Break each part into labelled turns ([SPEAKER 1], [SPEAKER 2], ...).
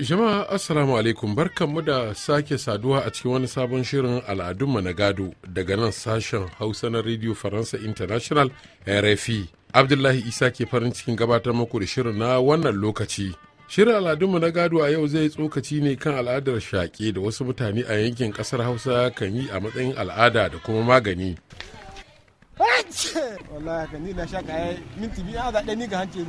[SPEAKER 1] Jama'a Assalamu alaikum barkanmu da sake saduwa a cikin wani sabon shirin al'adunmu na gado daga nan sashen Hausa na Radio Faransa International RFI. Abdullahi Isa ke farin cikin gabatar muku da shirin na wannan lokaci. Shirin al'adunmu na gado a yau zai tsokaci ne kan al'adar shaƙe da wasu mutane a yankin ƙasar Hausa kan yi a matsayin al'ada da kuma magani.
[SPEAKER 2] Wallahi ka ni na shaƙa eh, minti biyu a ah, zaɗe ni ga hanci.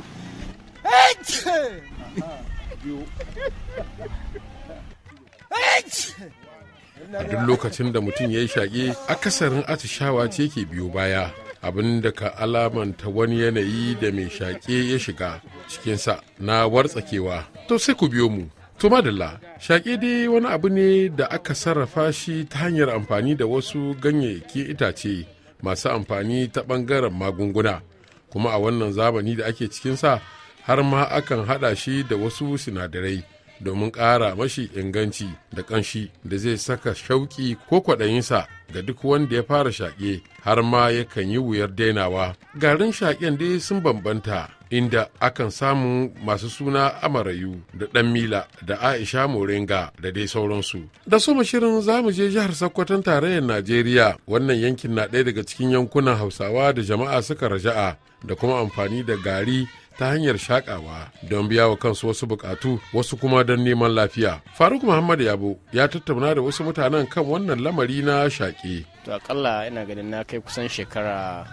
[SPEAKER 2] a duk lokacin
[SPEAKER 1] da mutum ya yi shaƙe akasarin atishawa ce ke biyo baya abin da ka alamanta wani yanayi da mai shaƙe ya shiga cikinsa na wartsakewa to sai ku biyo mu to madalla shaƙe dai wani abu ne da aka sarrafa shi ta hanyar amfani da wasu ganyayyaki itace masu amfani ta ɓangaren magunguna kuma a wannan zamani da ake cikinsa har ma akan haɗa shi da wasu sinadarai domin ƙara mashi inganci da ƙanshi da zai saka shauƙi ko kwaɗayinsa ga duk wanda ya fara shaƙe har ma yakan yi wuyar dainawa garin shaƙen dai sun bambanta inda akan samu masu suna amarayu da ɗan mila da aisha moringa da dai sauransu da soma shirin zamu je jihar sokoton tarayyar najeriya wannan yankin na ɗaya daga cikin yankunan hausawa da jama'a suka raja'a da kuma amfani da gari ta hanyar shakawa don biya wa kansu wasu bukatu wasu kuma don neman lafiya faruk muhammad yabo ya tattauna da wasu mutanen kan wannan lamari na shaƙe
[SPEAKER 3] to akalla ina ganin na kai kusan shekara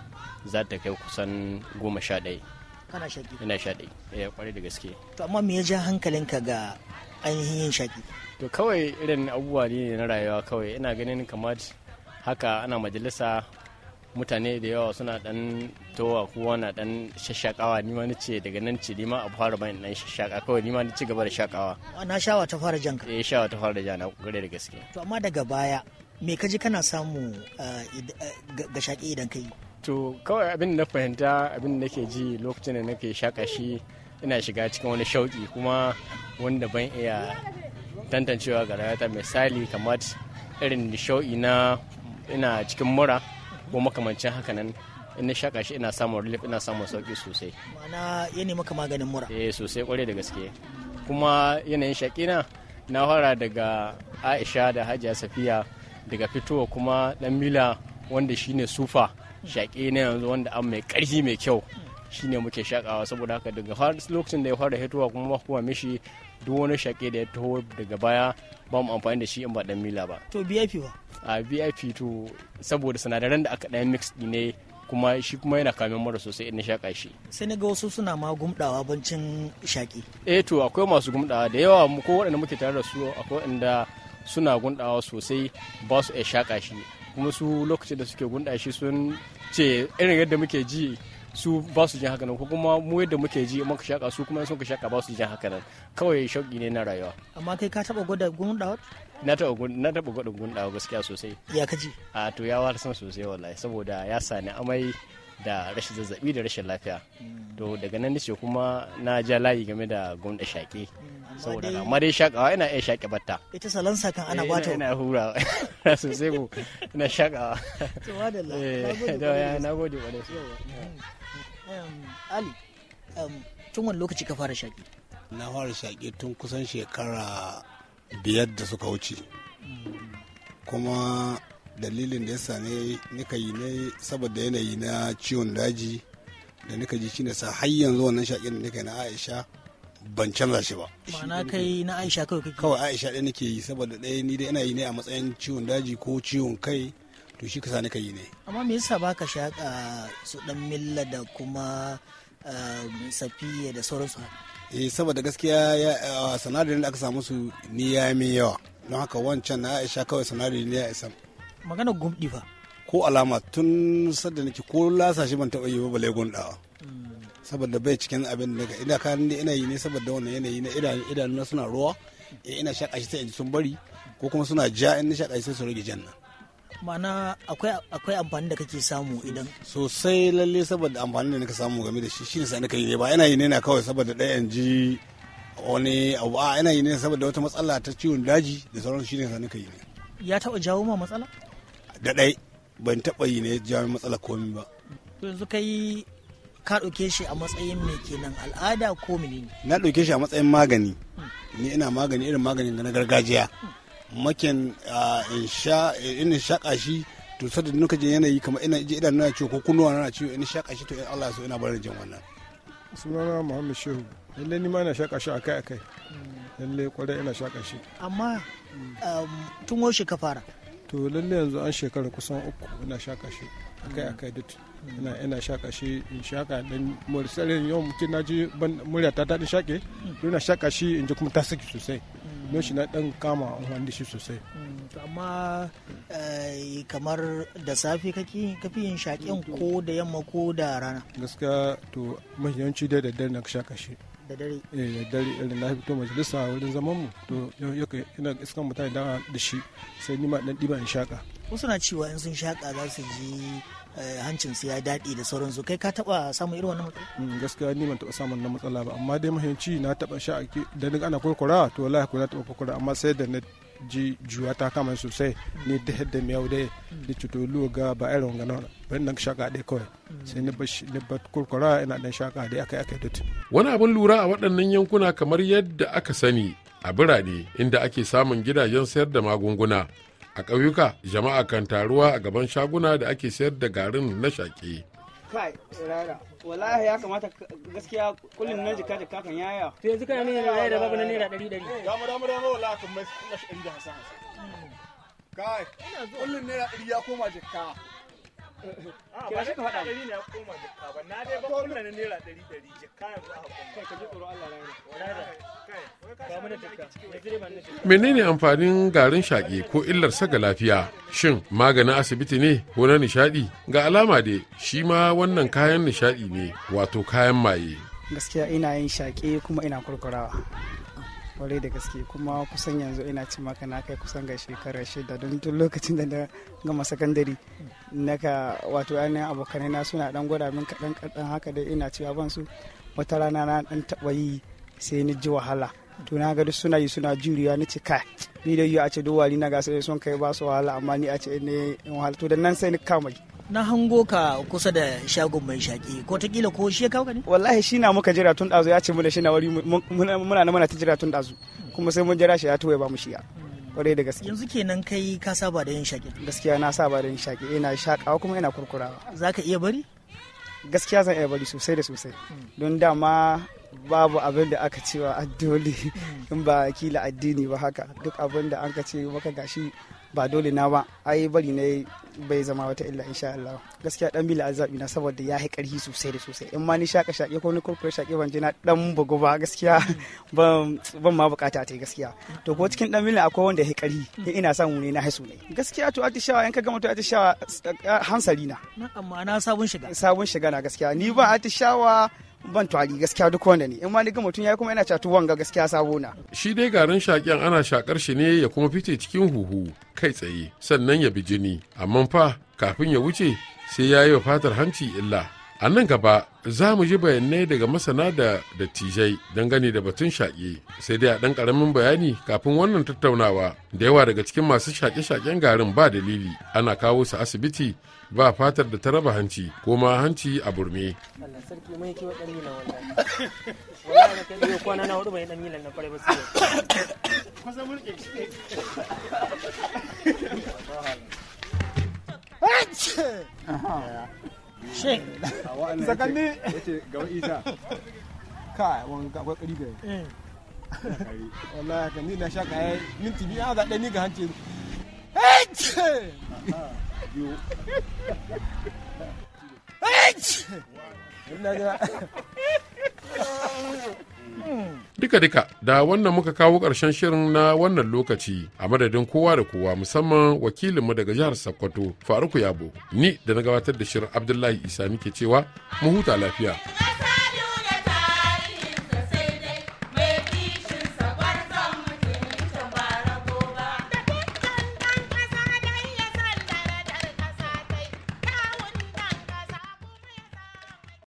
[SPEAKER 3] za ta kai kusan goma sha ɗaya kana shaƙi ina sha ɗaya ya eh, kware da gaske
[SPEAKER 4] to amma me ya ja hankalinka ga ainihin yin shaƙi
[SPEAKER 3] to kawai irin abubuwa ne na rayuwa kawai ina ganin kamar haka ana majalisa mutane da yawa suna dan towa ko na dan shashakawa ni ma ni ce daga nan ce ma a fara bayan dan shashaka kawai ni ma ni ci gaba da shakawa na shawa ta fara janka eh shawa ta fara jana gare da gaske
[SPEAKER 4] to amma daga baya me ka ji kana samu eh, eh, ga shaƙi idan kai to kawai abin na
[SPEAKER 3] fahimta abin da nake ji lokacin da nake shaka shi ina shiga cikin wani shauƙi kuma wanda ban iya tantancewa ga rayuwata misali kamar irin shauƙi na ina cikin mura ko makamancin hakanan in na shaka shi ina samun relief ina samun sauki sosai ma'ana ya maka maganin mura eh sosai kware da gaske kuma yanayin shaki na fara daga aisha da hajiya safiya daga fitowa kuma dan mila wanda shine sufa shaƙi na yanzu wanda an mai karfi mai kyau shine muke shakawa saboda haka daga lokacin da ya fara hitowa kuma kuma mishi duk wani shake da ya taho daga baya ba mu amfani da shi in ba dan mila ba to vip ba a vip to saboda sinadaran da aka dan mix ne kuma shi kuma yana kamen mara sosai in shaƙa shi.
[SPEAKER 4] Sai na ga wasu suna ma gumdawa bancin shaƙi. Eh to akwai
[SPEAKER 3] masu gumdawa da yawa ko waɗanda muke tare da su akwai waɗanda suna gundawa sosai ba su iya shaƙa shi kuma su lokacin da suke gunda shi sun ce irin yadda muke ji su ba su jin hakanan ko kuma mu yadda muke ji muka shaka su kuma sun ka shaka ba su jin hakanan kawai shauki ne na rayuwa amma kai ka taba gwada gundawa na taba na taba gwada gundawa gaskiya sosai ya kaji a to ya warsan sosai wallahi saboda ya sani amai da rashin zazzabi da rashin lafiya to daga nan nace kuma na ja layi game da gumda shaƙe saboda amma dai shakawa ina iya shaƙe batta
[SPEAKER 4] ita salon sakan ana eh, bata ina
[SPEAKER 3] hura sosai mu ina shakawa
[SPEAKER 4] to wadalla eh, na gode wa um, ali um, tun wani lokaci ka fara shaƙe na fara shaƙe
[SPEAKER 5] tun kusan shekara biyar da suka wuce mm. kuma dalilin da ya ne nika yi ne saboda yanayi na ciwon daji da nika ji ne sa har yanzu wannan shaƙin da nika na Aisha ban canza shi ba. Ma'ana kai na Aisha kawai kake. Kawai Aisha ɗaya nake yi saboda ɗaya ni dai ina yi ne a matsayin ciwon daji ko ciwon kai to shi ka sa nika yi ne.
[SPEAKER 4] Amma me yasa baka shaƙa su ɗan milla da kuma eh, safiya da sauransu?
[SPEAKER 5] Eh saboda gaskiya ya eh, sanadarin da aka samu su ni ya min yawa. Don haka wancan na Aisha kawai sanadarin ya isa magana gumdi fa ko alama tun sadda nake ko lasashi ban taɓa yi ba legon dawa saboda bai cikin abin daga ina kan ina yi ne saboda wannan yanayi na idanuna suna ruwa eh, ina shaka shi sai in sun bari ko kuma suna ja in shaka shi sai su rage jan
[SPEAKER 4] nan ma'ana akwai amfani da kake samu idan
[SPEAKER 5] sosai lalle saboda amfani da nake samu game da shi shi ne sai nake yi ne ba ina yi ne na kawai saboda ɗayan ji wani abu a ina yi ne saboda wata matsala ta ciwon daji da sauran shi ne sai nake yi ne
[SPEAKER 4] ya taɓa jawo ma matsala
[SPEAKER 5] da ɗai ban taɓa yi ne jami matsala komi ba
[SPEAKER 4] yanzu yi ka ɗauke shi a matsayin mai kenan al'ada ko ne.
[SPEAKER 5] na ɗauke shi a matsayin magani ni ina magani irin maganin na gargajiya makin in sha in shaƙa shi to sada nuka jin yanayi kamar ina je idan na ciwo ko kunnuwa na ciwo in shaƙa shi to in Allah so ina barin jin wannan
[SPEAKER 2] sunana Muhammad Shehu lallai ni ma ina shaƙa shi akai akai lallai kwarai ina shaƙa shi amma um, tun washe ka fara to lalle yanzu an shekara kusan uku ina shaka shi akai akai duk ina ina shaka shi in shaka dan mursalin yau mutum na ji murya ta daɗin shake don na shaka shi in ji kuma ta saki sosai don shi na dan kama wani da shi sosai
[SPEAKER 4] mm, amma eh, kamar da safe kake kafi yin shaƙen ko da yamma ko da rana
[SPEAKER 2] gaskiya to mahiyanci da dare na shaka shi da dare eh da dare irin na fito majalisa wurin zaman mu to yake ina iskan mutane da da shi sai ni ma dan diba in shaka
[SPEAKER 4] wasu na cewa in sun shaka za su ji eh, hancin su ya daɗe da sauransu kai ka taɓa samun irin wannan matsala mm, gaskiya ni ban taɓa samun na matsala ba amma dai mahimmanci na taɓa sha da
[SPEAKER 2] ni ana kurkura to wallahi ko na taɓa kurkura amma sai da na ji juwa ta kama sosai ni da mai miyau da cuto luwa ga ba irin gana bari nan shaka dai kawai sai ni ba kurkura ina dan shaka dai akai akai dut
[SPEAKER 1] wani abin lura a waɗannan yankuna kamar yadda aka sani a birane inda ake samun gidajen sayar da magunguna a ƙauyuka jama'a kan taruwa a gaban shaguna da ake sayar da garin na shaƙe
[SPEAKER 6] kai rara wallahi ya kamata gaskiya kullum na jika jika kan yaya to yanzu kana nuna da babu na naira ɗari ɗari ya mu damu damu
[SPEAKER 2] wallahi kan mai da hmm. kai kullum naira ɗari ya koma jika shi
[SPEAKER 1] menene amfanin garin shaƙe ko illar ga lafiya shin maganin asibiti ne ko na nishaɗi ga alama dai shi ma wannan kayan nishaɗi ne wato kayan maye
[SPEAKER 6] gaskiya ina yin shaƙe kuma ina kurkurawa kwarai da gaske kuma kusan yanzu ina cin maka na kai kusan ga shekara shida don tun lokacin da na gama sakandare Na ka wato ainihin abokanai na suna dan gwada min kaɗan kaɗan haka dai ina cewa ban su wata rana na dan taɓa yi sai ni ji wahala to na ga duk suna yi suna juriya na ce kai ni da yi a ce duwali na gasa sun kai ba su wahala amma ni a ce ne wahala to da nan sai ni kamai na hango ka kusa da shagon mai shaƙi ko ta kila ko shi ya kawo ne wallahi shi na muka jira tun ɗazu ya ce mu da shi na wari muna na muna ta jira tun ɗazu kuma sai mun jira shi ya tuwa ba mu shiya kwarai da gaske yanzu kenan kai ka saba da yin shaƙi gaskiya na saba da yin shaƙi ina shaƙawa kuma ina kurkurawa za ka iya bari gaskiya zan iya bari sosai da sosai hmm. don dama babu abin da aka cewa addoli hmm. in ba kila addini ba haka duk abin da an ka ce maka gashi ba dole na ba ai bari ne bai zama wata illa insha Allah gaskiya dan bila azabi na saboda ya yi karhi sosai da sosai in ma ni shaka shake ko ni kurkure shake ban jina na dan bugu ba gaskiya ban ban ma bukata ta gaskiya to ko cikin dan bila akwai wanda ya yi karhi ina samu ne na haisu ne gaskiya to shawa in ka gama to shawa eh, hansari na amma na sabon shiga sabon shiga na gaskiya ni ba shawa. ban twali gaskiya duk wanda ne in ma ni ga mutum yayi kuma yana catu wanga gaskiya sabo na
[SPEAKER 1] shi dai garin shaken ana shakar shi ne ya kuma fice cikin huhu kai tsaye sannan ya bi jini amma fa kafin ya wuce sai yayi wa fatar hanci illa A nan gaba za mu ji bayanai daga masana da dattijai don gani da batun shaƙe sai dai a ɗan ƙaramin bayani kafin wannan tattaunawa da yawa daga cikin masu shaƙe-shaƙen garin ba dalili ana kawo su asibiti ba fatar da ta raba hanci ko ma hanci a burme.
[SPEAKER 2] she zakanni yace ita kari eh. wallahi na sha kai minti biyu an ah, zaɗe ni ga hanci Hey!
[SPEAKER 1] Duka duka da wannan muka kawo ƙarshen shirin na wannan lokaci a madadin kowa da kowa musamman wakilinmu daga jihar Sokoto Faruku Yabo ni da na gabatar da shirin Abdullahi Isa muke cewa mu huta lafiya.